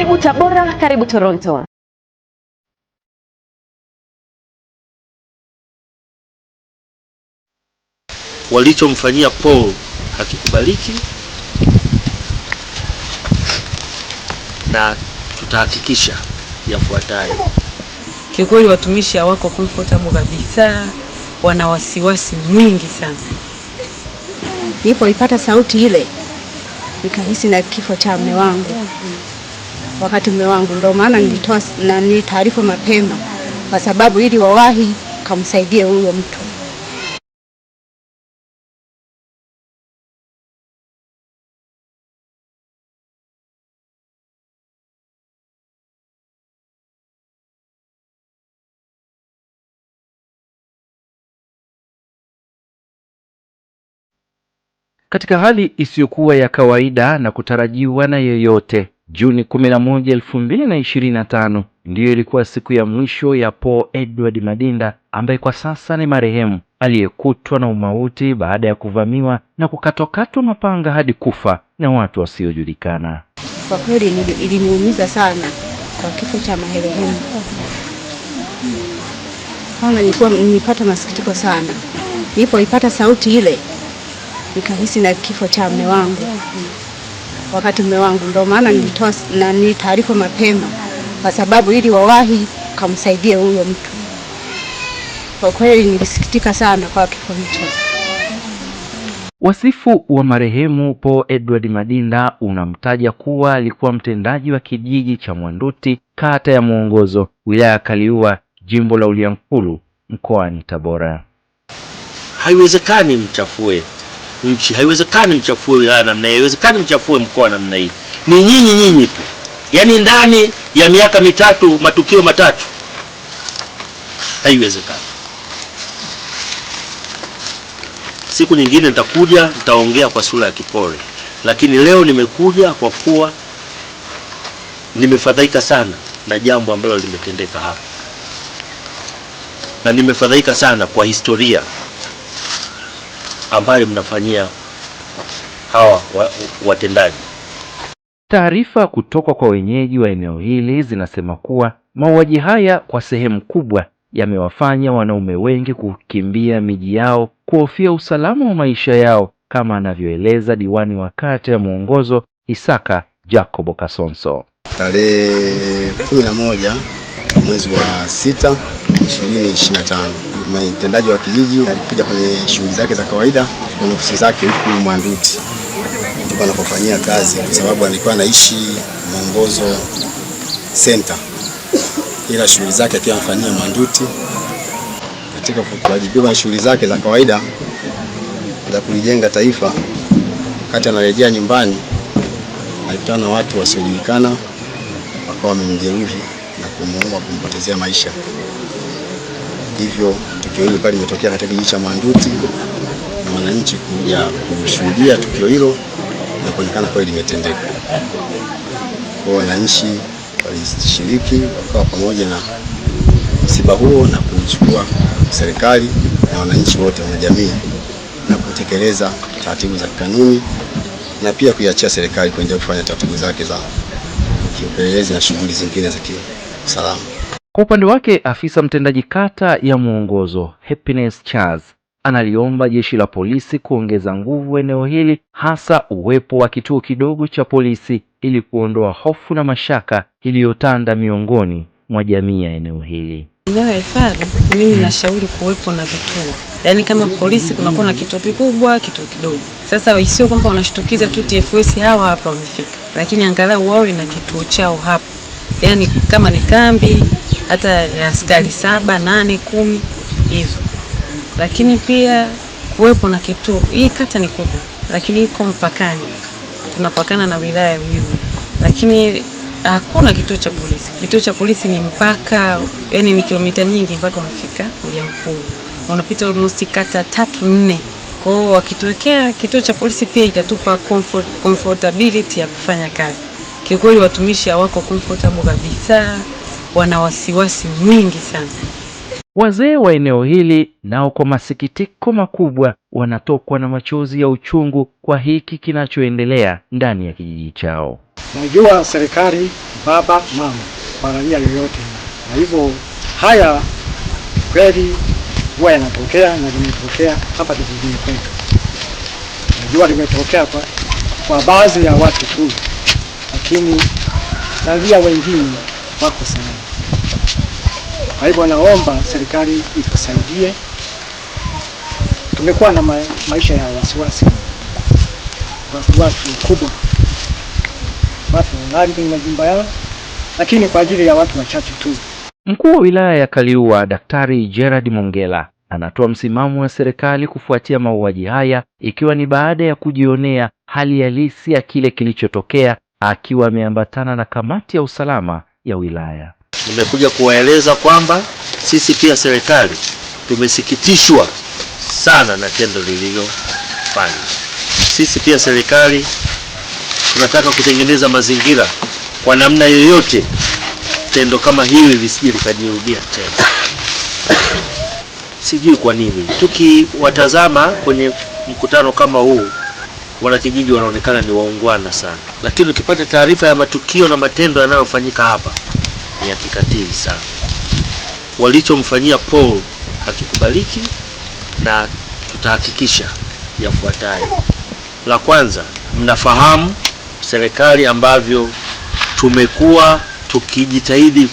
Karibu Tabora, karibu Toronto. Walichomfanyia Paul hakikubaliki na tutahakikisha yafuatayo. Kiukweli watumishi hawako comfortable kabisa, wana wasiwasi mwingi sana. Nilipoipata sauti ile nikahisi na kifo cha mume wangu wakati mume wangu, ndio maana nilitoa nani taarifa mapema, kwa sababu ili wawahi kamsaidie huyo mtu. Katika hali isiyokuwa ya kawaida na kutarajiwa na yeyote, Juni 11, 2025 ndiyo ilikuwa siku ya mwisho ya Paul Edward Madinda ambaye kwa sasa ni marehemu, aliyekutwa na umauti baada ya kuvamiwa na kukatwakatwa mapanga hadi kufa na watu wasiojulikana. Kwa kweli iliniumiza sana kwa kifo cha marehemu, kwanza nilikuwa nilipata masikitiko sana, nilipoipata sauti ile nikahisi na kifo cha mume wangu wakati mume wangu, ndio maana nilitoa nani taarifa mapema, kwa sababu ili wawahi kamsaidie huyo mtu. Kwa kweli nilisikitika sana kwa kifo hicho. Wasifu wa marehemu po Edward Madinda unamtaja kuwa alikuwa mtendaji wa kijiji cha Mwanduti, kata ya Mwongozo, wilaya ya Kaliua, jimbo la Uliankuru, mkoani Tabora. Haiwezekani mchafue nchi. Haiwezekani mchafue wilaya namna hii, haiwezekani mchafue mkoa namna hii. Ni nyinyi nyinyi tu, yaani ndani ya miaka mitatu matukio matatu, haiwezekani. Siku nyingine nitakuja, nitaongea kwa sura ya kipore, lakini leo nimekuja kwa kuwa nimefadhaika sana na jambo ambalo limetendeka hapa, na nimefadhaika sana kwa historia ambayo mnafanyia hawa watendaji. Taarifa kutoka kwa wenyeji wa eneo hili zinasema kuwa mauaji haya kwa sehemu kubwa yamewafanya wanaume wengi kukimbia miji yao kuhofia usalama wa maisha yao, kama anavyoeleza diwani wa kata ya Muongozo Isaka Jacobo Kasonso. Tarehe kumi na moja mwezi wa sita 2025. Mtendaji wa kijiji alikuja kwenye shughuli zake za kawaida kwenye ofisi zake huku Mwanduti ndipo anapofanyia kazi, kwa sababu alikuwa anaishi Mwongozo Center, ila shughuli zake akiwa anafanyia Mwanduti. Katika kuwajibika na shughuli zake za kawaida za kulijenga taifa, wakati anarejea nyumbani alikutana na watu wasiojulikana wakawa wamemjeruhi na kumuua kumpotezea maisha hivyo tukio hilo pale limetokea katika kijiji cha Mwanduti na wananchi kuja kushuhudia tukio hilo na kuonekana kweli limetendeka. Kwa wananchi walishiriki wakawa pamoja na msiba huo na kuichukua serikali na wananchi wote wa jamii na kutekeleza taratibu za kanuni na pia kuiachia serikali kuendelea kufanya taratibu zake za kiupelelezi na shughuli zingine za kiusalama. Kwa upande wake afisa mtendaji kata ya Mwongozo Happiness Charles analiomba jeshi la polisi kuongeza nguvu eneo hili, hasa uwepo wa kituo kidogo cha polisi ili kuondoa hofu na mashaka iliyotanda miongoni mwa jamii ya eneo hili. Eneo hifadhi, mimi nashauri kuwepo na vituo, yaani kama polisi kunakuwa na kituo kikubwa, kituo kidogo. Sasa sio kwamba wanashtukiza tu TFS hawa hapa wamefika, lakini angalau wawe na kituo chao hapa, yaani kama ni kambi hata ya saba nane kumi hivyo, lakini pia kuwepo na kituo. Hii kata ni kubwa, lakini iko mpakani, tunapakana na wilaya Uyui, lakini hakuna kituo cha polisi. Kituo cha polisi ni mpaka, yani ni kilomita nyingi mpaka unafika mji unapita almost kata tatu nne. Kwa hiyo wakituwekea kituo cha polisi pia itatupa comfort, comfortability ya kufanya kazi. Kiukweli watumishi hawako comfortable kabisa wana wasiwasi mwingi sana. Wazee wa eneo hili nao kwa masikitiko makubwa wanatokwa na machozi ya uchungu kwa hiki kinachoendelea ndani ya kijiji chao. Najua serikali, baba, mama kwa raia yoyote, na hivyo haya kweli huwa yanatokea na limetokea hapa kijijini kwetu. Najua limetokea kwa, kwa baadhi ya watu tu, lakini raia wengine wako sana kwa hivyo naomba serikali itusaidie. Tumekuwa na ma maisha ya wasiwasi wasiwasi mkubwa, watu wangali kwenye majumba yao, lakini kwa ajili ya watu wachache tu. Mkuu wa wilaya ya Kaliua Daktari Gerard Mongela anatoa msimamo wa serikali kufuatia mauaji haya, ikiwa ni baada ya kujionea hali halisi ya kile kilichotokea, akiwa ameambatana na kamati ya usalama ya wilaya. Nimekuja kuwaeleza kwamba sisi pia serikali tumesikitishwa sana na tendo lililofanywa. Sisi pia serikali tunataka kutengeneza mazingira kwa namna yoyote tendo kama hili lisije likajirudia tena. Sijui kwa nini tukiwatazama kwenye mkutano kama huu wanakijiji wanaonekana ni waungwana sana, lakini ukipata taarifa ya matukio na matendo yanayofanyika hapa ni ya kikatili sana. Walichomfanyia Paul hakikubaliki na tutahakikisha yafuatayo. La kwanza, mnafahamu serikali ambavyo tumekuwa tukijitahidi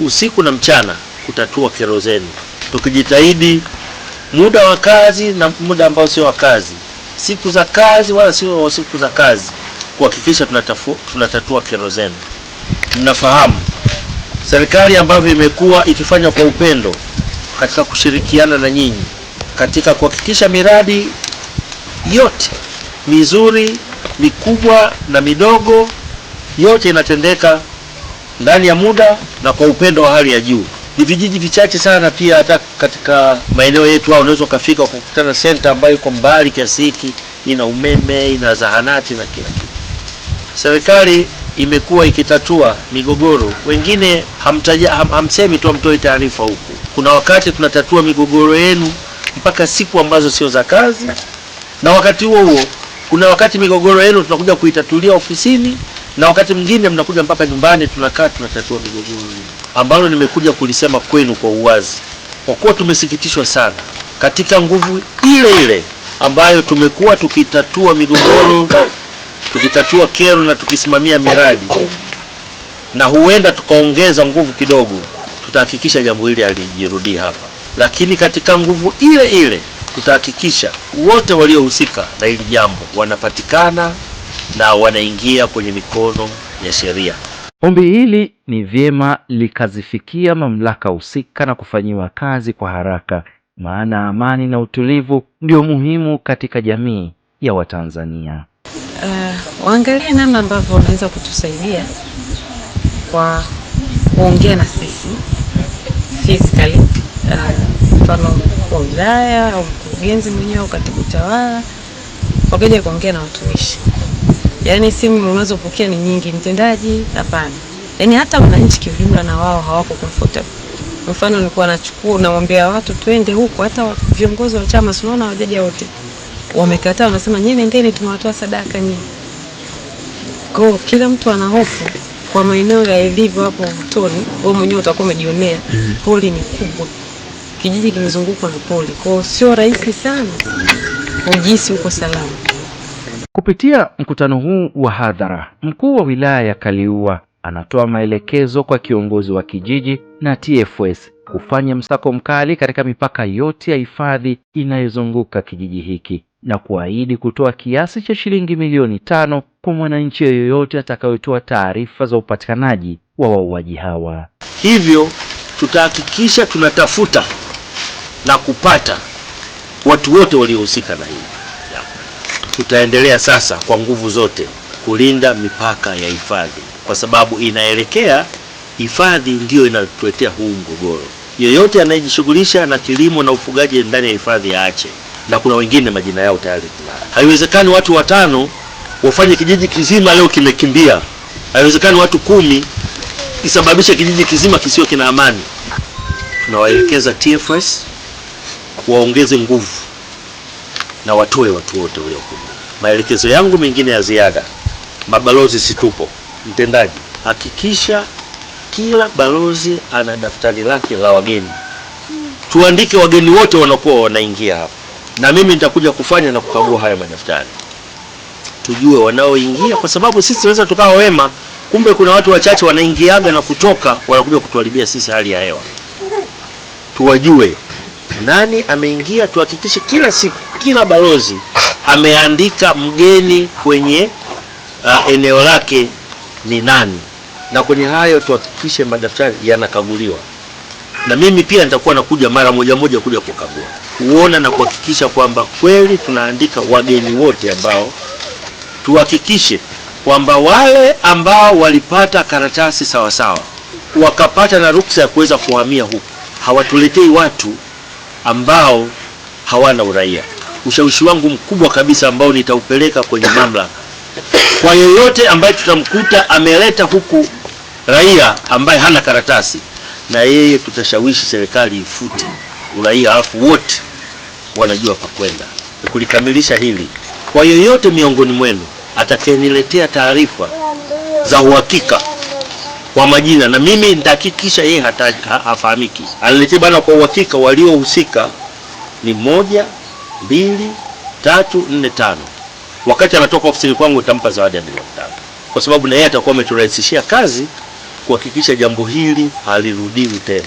usiku na mchana kutatua kero zenu, tukijitahidi muda wa kazi na muda ambao sio wa kazi, siku za kazi wala sio siku za kazi, kuhakikisha tunatatua kero zenu. Mnafahamu serikali ambavyo imekuwa ikifanywa kwa upendo katika kushirikiana na nyinyi katika kuhakikisha miradi yote mizuri mikubwa na midogo yote inatendeka ndani ya muda na kwa upendo wa hali ya juu. Ni vijiji vichache sana, pia hata katika maeneo yetu au unaweza ukafika ukakutana senta ambayo iko mbali kiasi hiki, ina umeme, ina zahanati na kila kitu. Serikali imekuwa ikitatua migogoro. Wengine hamtaja, ham, hamsemi tu, hamtoi taarifa huku. Kuna wakati tunatatua migogoro yenu mpaka siku ambazo sio za kazi, na wakati huo huo kuna wakati migogoro yenu tunakuja kuitatulia ofisini, na wakati mwingine mnakuja mpaka nyumbani, tunakaa tunatatua migogoro yenu, ambalo nimekuja kulisema kwenu kwa uwazi, kwa kuwa tumesikitishwa sana katika nguvu ile ile ambayo tumekuwa tukitatua migogoro tukitatua kero na tukisimamia miradi na huenda tukaongeza nguvu kidogo, tutahakikisha jambo hili halijirudii hapa, lakini katika nguvu ile ile tutahakikisha wote waliohusika na hili jambo wanapatikana na wanaingia kwenye mikono ya sheria. Ombi hili ni vyema likazifikia mamlaka husika na kufanyiwa kazi kwa haraka, maana amani na utulivu ndio muhimu katika jamii ya Watanzania waangalie namna ambavyo wanaweza kutusaidia kwa kuongea na sisi physically, uh, mfano uh, wa wilaya au mkurugenzi mwenyewe au katibu tawala, wakaja kuongea na watumishi. Yaani simu unazopokea ni nyingi, mtendaji hapana, yaani hata wananchi kiujumla na wao hawako comfortable. Mfano nilikuwa nachukua namwambia watu twende huko, hata viongozi wa chama sinaona wajaja wote wamekataa, wanasema nyinyi nendeni, tumewatoa sadaka nyinyi kwa hiyo kila mtu ana hofu kwa maeneo ya ilivyo hapo Mtoni, wewe mwenyewe utakuwa umejionea mm. Poli ni kubwa, kijiji kimezungukwa na poli, kwa hiyo sio rahisi sana kujisi uko salama. Kupitia mkutano huu wa hadhara, mkuu wa wilaya ya Kaliua anatoa maelekezo kwa kiongozi wa kijiji na TFS kufanya msako mkali katika mipaka yote ya hifadhi inayozunguka kijiji hiki na kuahidi kutoa kiasi cha shilingi milioni tano kwa mwananchi yoyote atakayotoa taarifa za upatikanaji wa wauaji hawa. Hivyo tutahakikisha tunatafuta na kupata watu wote waliohusika na hili. Tutaendelea sasa kwa nguvu zote kulinda mipaka ya hifadhi, kwa sababu inaelekea hifadhi ndiyo inatuletea huu mgogoro. Yeyote anayejishughulisha na kilimo na ufugaji ndani ya hifadhi aache na kuna wengine majina yao tayari. Haiwezekani watu watano wafanye kijiji kizima leo kimekimbia. Haiwezekani watu kumi isababisha kijiji kizima kisiwe kina amani. Tunawaelekeza TFS waongeze nguvu na watoe watu wote walioko. Maelekezo yangu mengine ya ziada, mabalozi situpo, mtendaji, hakikisha kila balozi ana daftari lake la wageni, tuandike wageni wote wanakuwa wanaingia hapa na mimi nitakuja kufanya na kukagua haya madaftari, tujue wanaoingia, kwa sababu sisi tunaweza tukawa wema, kumbe kuna watu wachache wanaingiaga na kutoka, wanakuja kutuharibia sisi hali ya hewa. Tuwajue nani ameingia, tuhakikishe kila siku, kila balozi ameandika mgeni kwenye uh, eneo lake ni nani, na kwenye hayo tuhakikishe madaftari yanakaguliwa, na mimi pia nitakuwa nakuja mara moja moja kuja kukagua kuona na kuhakikisha kwamba kweli tunaandika wageni wote ambao tuhakikishe kwamba wale ambao walipata karatasi sawasawa wakapata na ruksa ya kuweza kuhamia huku, hawatuletei watu ambao hawana uraia. Ushawishi wangu mkubwa kabisa ambao nitaupeleka kwenye mamlaka, kwa yeyote ambaye tutamkuta ameleta huku raia ambaye hana karatasi, na yeye tutashawishi serikali ifute uraia, alafu wote wanajua pa kwenda kulikamilisha hili. Kwa yoyote miongoni mwenu atakayeniletea taarifa za uhakika kwa majina, na mimi nitahakikisha yeye hafahamiki, aniletee bana kwa uhakika waliohusika ni moja, mbili, tatu, nne, tano. Wakati anatoka ofisini kwangu nitampa zawadi ya milioni tano, kwa sababu na yeye atakuwa ameturahisishia kazi kuhakikisha jambo hili halirudiwi tena.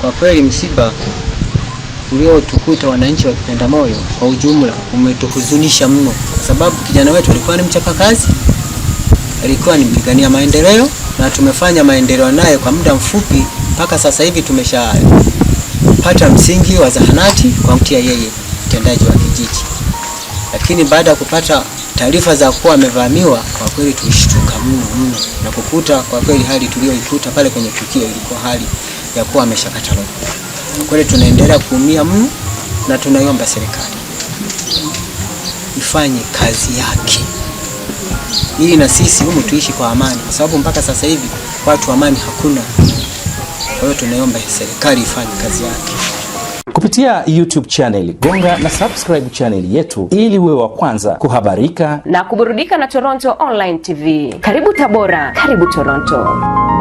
Kwa kweli msiba uliotukuta wananchi wa moyo kwa ujumla umetuhuzunisha mno, kwa sababu kijana wetu alikuwa ni mchapakazi, alikuwa ni mpigania maendeleo na tumefanya maendeleo naye kwa muda mfupi. Mpaka sasa hivi tumeshapata msingi wa zahanati kwa mtia yeye mtendaji wa kijiji, lakini baada ya kupata taarifa za kuwa amevamiwa, kwa kweli tulishtuka mno mno na kukuta, kwa kweli hali tuliyoikuta pale kwenye tukio ilikuwa hali ya kuwa ameshakata roho. Kweli tunaendelea kuumia mno, na tunaiomba serikali ifanye kazi yake ili na sisi humu tuishi kwa amani, kwa sababu mpaka sasa hivi watu amani hakuna. Kwa hiyo tunaomba serikali ifanye kazi yake kupitia YouTube channel, gonga na subscribe channel yetu ili uwe wa kwanza kuhabarika na kuburudika na Toronto Online TV. Karibu Tabora, karibu Toronto.